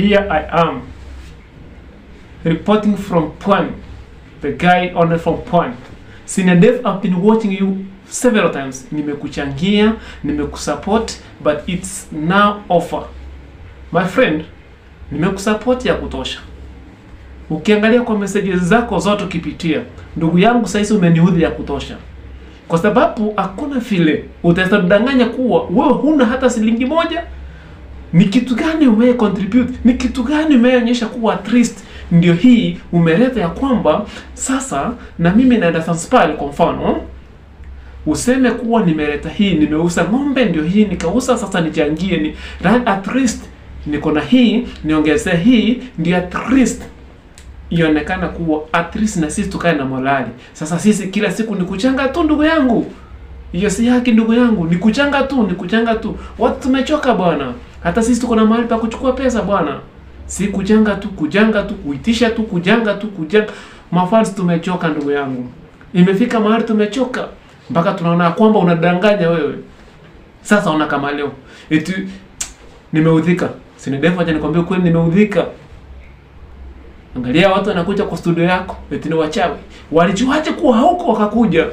Here I am, reporting from Pwan, the guy on from Pwan. Senior Dev, I've been watching you several times. Nimekuchangia, nimekusupport, but it's now offer. My friend, nimekusupport ya kutosha. Ukiangalia kwa messages zako zote ukipitia, ndugu yangu, saizi umeniudhi ya kutosha, kwa sababu hakuna vile utaweza kudanganya kuwa wewe huna hata shilingi moja ni kitu gani ume contribute, ni kitu gani umeonyesha kuwa at least ndio hii umeleta ya kwamba sasa na mimi naenda transpile. Kwa mfano useme kuwa nimeleta hii, nimeuza ng'ombe, ndio hii nikauza, sasa nichangie ni at least niko na hii, niongezee hii, ndio at least ionekana kuwa at least na sisi tukae na morali. Sasa sisi kila siku ni kuchanga tu, ndugu yangu, hiyo si haki ndugu yangu, ni kuchanga tu, ni kuchanga tu, watu tumechoka bwana. Hata sisi tuko na mahali pa kuchukua pesa bwana. Si kujanga tu, kujanga tu, kuitisha tu, kujanga tu, kujanga. Mafans tumechoka ndugu yangu. Imefika mahali tumechoka mpaka tunaona kwamba unadanganya wewe. Sasa ona kama leo. Eti nimeudhika. Sini defu acha nikwambie kweli nimeudhika. Angalia watu wanakuja kwa studio yako, eti ni wachawi. Walijuaje kuwa huko wakakuja?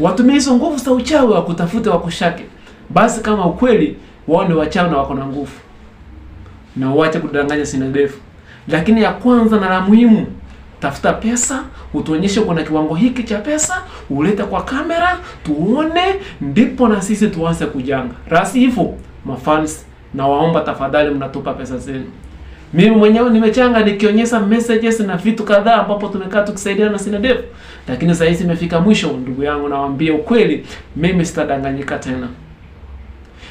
Watumie hizo nguvu za uchawi wa kutafuta wakushake. Basi kama ukweli wao ni wachao na wako na nguvu na uache kudanganya sina ndefu. Lakini ya kwanza na la muhimu, tafuta pesa, utuonyeshe kuna kiwango hiki cha pesa, ulete kwa kamera tuone, ndipo na sisi tuanze kujanga. Rasi hivyo mafans, na waomba tafadhali, mnatupa pesa zenu. Mimi mwenyewe nimechanga nikionyesha messages na vitu kadhaa ambapo tumekaa tukisaidiana na Sina Dev. Lakini sasa hizi imefika mwisho, ndugu yangu, nawaambia ukweli, mimi sitadanganyika tena.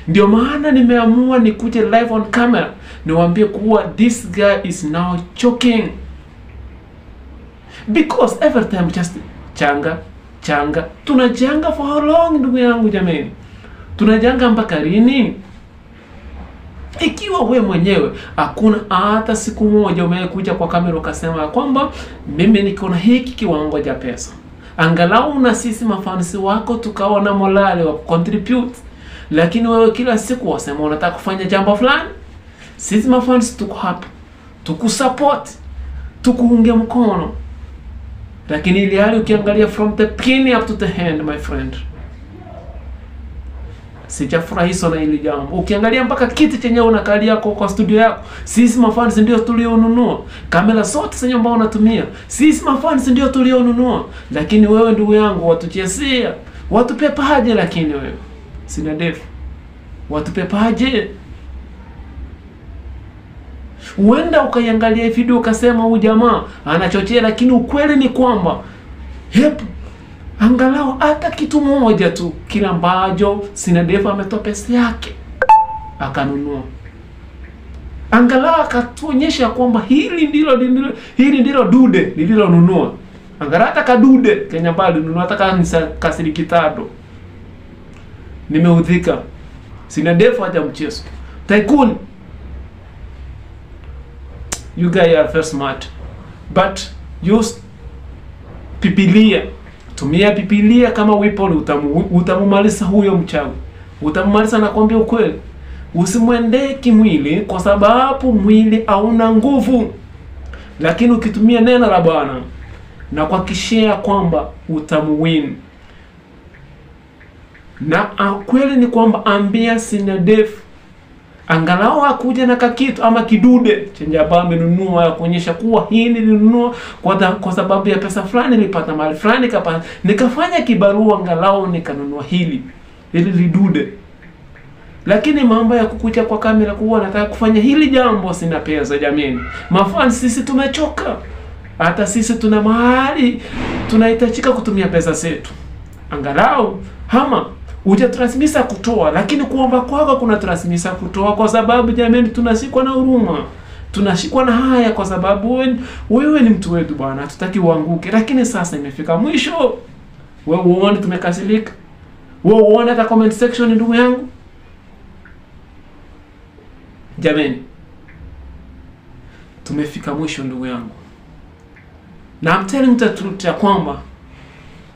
Ndio maana nimeamua nikuje live on camera niwaambie kuwa this guy is now choking because every time just changa changa, tunajanga for how long? Ndugu yangu jamani, tunajanga mpaka lini? Ikiwa we mwenyewe hakuna hata siku moja umekuja kwa kamera ukasema kwamba mimi niko na hiki kiwango cha pesa, angalau na sisi mafansi wako tukawa na morale wa contribute lakini wewe kila siku wasema unataka kufanya jambo fulani, sisi mafans tuko hapa tukusupport, tukuunge mkono, lakini ile hali ukiangalia from the pin up to the hand, my friend, sijafurahi sana ile jambo. Ukiangalia mpaka kiti chenye unakalia kwa, kwa studio yako, sisi mafans ndio tulionunua. Kamera zote zenye ambao unatumia, sisi mafans ndio tulionunua. Lakini wewe ndugu yangu, watuchesia watupe paje, lakini wewe sina ndevu, watupepaje? Huenda ukaiangalia video ukasema huyu jamaa anachochea, lakini ukweli ni kwamba hep angalau hata kitu moja tu kila ambacho ndevu ametoa pesa yake akanunua, angalau akatuonyesha kwamba hili ndilo hili ndilo dude lililonunua, angalau hata kadude kenye mbali alinunua hata kitado nimeudhika, sina defu hata mchezo. Tycoon, you guys are very smart but use pipilia, tumia pipilia kama weapon. Utamu, utamumaliza huyo mchawi, utamumaliza. Nakwambia ukweli, usimwendee kimwili kwa sababu mwili hauna nguvu, lakini ukitumia neno la Bwana na kuhakikishia kwamba utamuwin na ah, kweli ni kwamba ambia sina ndevu, angalau akuja na kakitu ama kidude chenye ambayo amenunua ya kuonyesha kuwa hii nilinunua kwa, kwa sababu ya pesa fulani, nilipata mali fulani, nikafanya kibarua, angalau nikanunua hili ili lidude. Lakini mambo ya kukuja kwa kamera kuwa nataka kufanya hili jambo, sina pesa. Jamani mafan, sisi tumechoka, hata sisi tuna mahali tunahitajika kutumia pesa zetu, angalau hama hujatransmisa kutoa, lakini kuomba kwako transmisa kutoa, kwa sababu jamani, tunashikwa na huruma tunashikwa na haya, kwa sababu wewe ni mtu wetu Bwana, hatutaki uanguke. Lakini sasa imefika mwisho, wewe uone tumekasilika wewe uone hata comment section, ndugu yangu. Jamani, tumefika mwisho ndugu yangu, na I'm telling the truth ya kwamba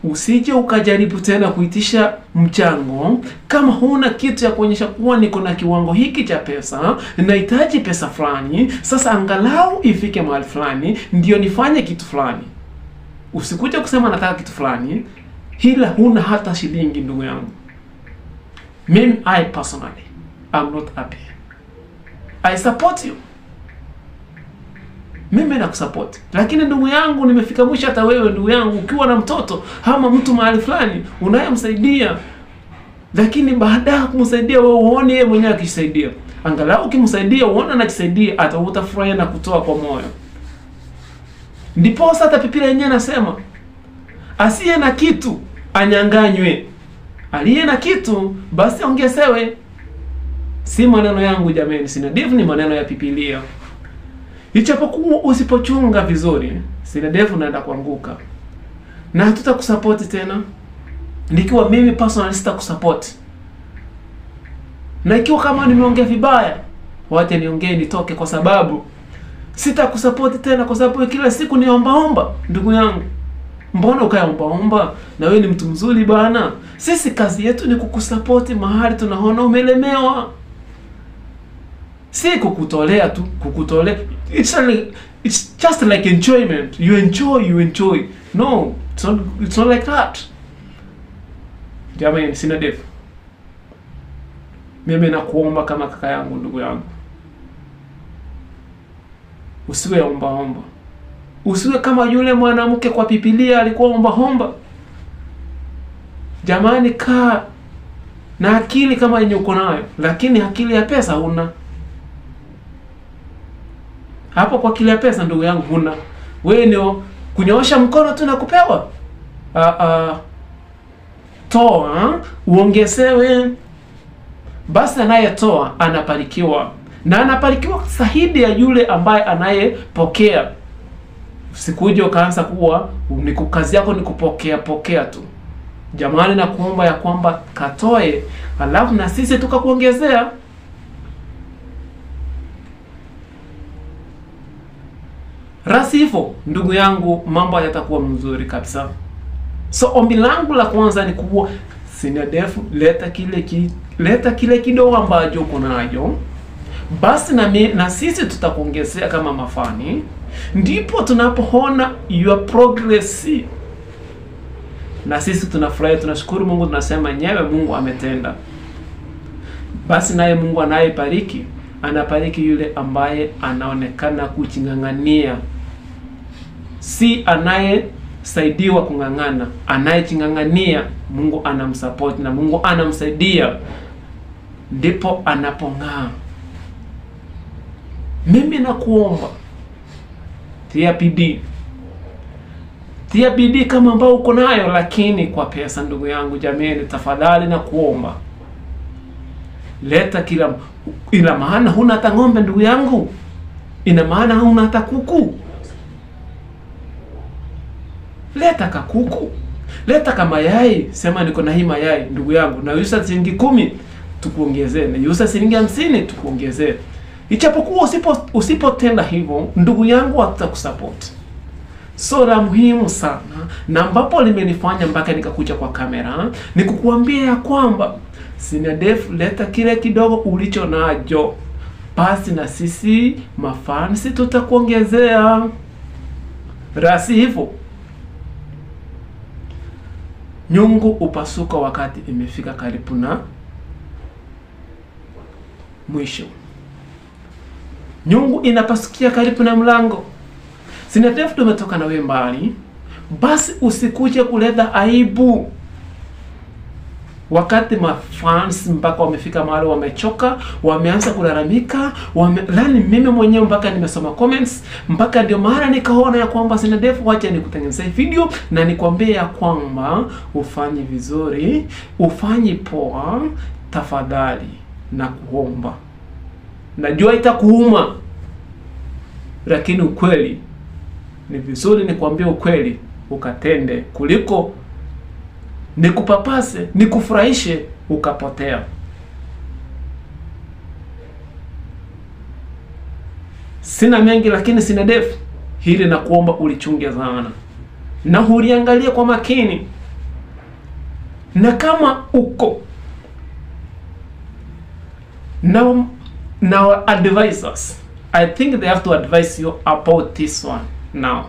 usije ukajaribu tena kuitisha mchango kama huna kitu ya kuonyesha kuwa niko na kiwango hiki cha pesa, nahitaji pesa fulani, sasa angalau ifike mahali fulani ndio nifanye kitu fulani. Usikuje kusema nataka kitu fulani hila huna hata shilingi. Ndugu yangu, mimi I personally am not happy. I support you mimi nakusupport. Lakini ndugu yangu, nimefika mwisho. Hata wewe ndugu yangu, ukiwa na mtoto ama mtu mahali fulani unayemsaidia, lakini baada ya kumsaidia wewe uone yeye mwenyewe akisaidia, angalau ukimsaidia uone anajisaidia, atavuta furaha na kutoa kwa moyo. Ndipo hata pipira yenyewe anasema asiye na kitu anyang'anywe, aliye na kitu basi ongezewe. Si maneno yangu jameni, sina divu, ni maneno ya pipilia. Ijapokuwa usipochunga vizuri, sina naenda kuanguka na hatutakusapoti tena. Nikiwa mimi personal sitakusapoti, na ikiwa kama nimeongea vibaya, wacha niongee nitoke, kwa sababu sitakusapoti tena, kwa sababu kila siku niombaomba omba Ndugu yangu, mbona ukae omba omba? Na wewe ni mtu mzuri bana. Sisi kazi yetu ni kukusapoti mahali tunaona umelemewa si kukutolea tu, kukutolea it's, only, it's just like enjoyment. You enjoy, you enjoy. No, it's not, it's not like that. Jamani, sina defu. Mimi nakuomba kama kaka yangu, ndugu yangu, usiwe ombaomba, usiwe kama yule mwanamke kwa pipilia alikuwa ombaomba. Jamani, kaa na akili kama yenye uko nayo, lakini akili ya pesa una hapo kwa kile pesa ndugu yangu huna. Wewe ni kunyoosha mkono tu na kupewa. Ah uh, ah. Uh, toa ah, uongezewe. Basi anayetoa anaparikiwa na anaparikiwa zaidi ya yule ambaye anayepokea. Usikuje ukaanza kuwa ni kazi yako ni kupokea pokea tu. Jamani, na kuomba ya kwamba katoe, alafu na sisi tukakuongezea. Rasi hivyo ndugu yangu, mambo hayatakuwa mzuri kabisa. So ombi langu la kwanza ni kubwa, sinadefu leta kile ki, leta kile kidogo ambacho uko nayo basi na, mi, na sisi tutakuongezea kama mafani. Ndipo tunapoona your progress na sisi tunafurahi, tunashukuru Mungu, tunasema nyewe Mungu ametenda. Basi naye Mungu anayebariki anapariki yule ambaye anaonekana kuching'ang'ania si anayesaidiwa kung'ang'ana, anayechingangania Mungu anamsupport na Mungu anamsaidia, ndipo anapong'aa. Mimi nakuomba tia bidii, tia bidii kama ambao uko nayo, lakini kwa pesa. Ndugu yangu, jamani, tafadhali nakuomba leta kila. Ina maana huna hata ng'ombe ndugu yangu, ina maana huna hata kuku leta kakuku, leta kamayai, sema niko na hii mayai ndugu yangu, nauza shilingi kumi, tukuongezee, nauza shilingi hamsini, tukuongezee. Ichapokuwa usipo usipotenda hivyo, ndugu yangu atakusupport. So la muhimu sana na ambapo limenifanya mpaka nikakuja kwa kamera ni kukuambia ya kwamba sina leta kile kidogo ulicho nacho, basi na sisi mafansi tutakuongezea rasi hivyo Nyungu upasuka wakati imefika karibu na mwisho. Nyungu inapasukia karibu na mlango. Sinatefu tumetoka nawe mbali, basi usikuje kuleta aibu wakati mafans mpaka wamefika mahali wamechoka, wameanza kulalamika wame, lani mimi mwenyewe mpaka nimesoma comments, mpaka ndio mara nikaona ya kwamba sina defu, wacha nikutengenezee video na nikwambie ya kwamba ufanye vizuri, ufanye poa tafadhali, na kuomba, najua itakuuma, lakini ukweli ni vizuri, nikwambie ukweli ukatende kuliko nikupapase, nikufurahishe, ukapotea. Sina mengi lakini sina defu hili na kuomba ulichunge sana na huliangalie kwa makini, na kama uko na na advisors I think they have to advise you about this one now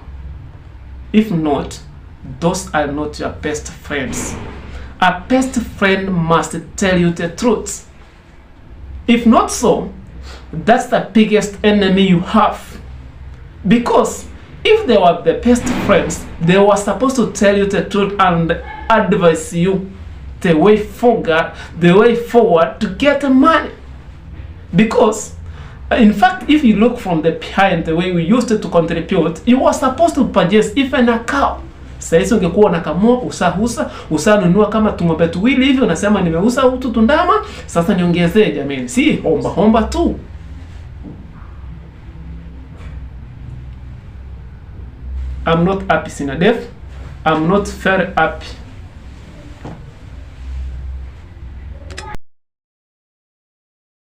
if not those are not your best friends. A best friend must tell you the truth. If not so, that's the biggest enemy you have. Because if they were the best friends, they were supposed to tell you the truth and advise you the way forward, the way forward to get money. Because in fact, if you look from the behind, the way we used to contribute, you were supposed to purchase even a cow. saizi ungekuwa unakamua usahusa usanunua kama tung'ombe tuwili hivi, unasema nimeusa utu tundama, sasa niongezee. Jamani, si homba homba tu. I'm not happy, sina def. I'm not very happy.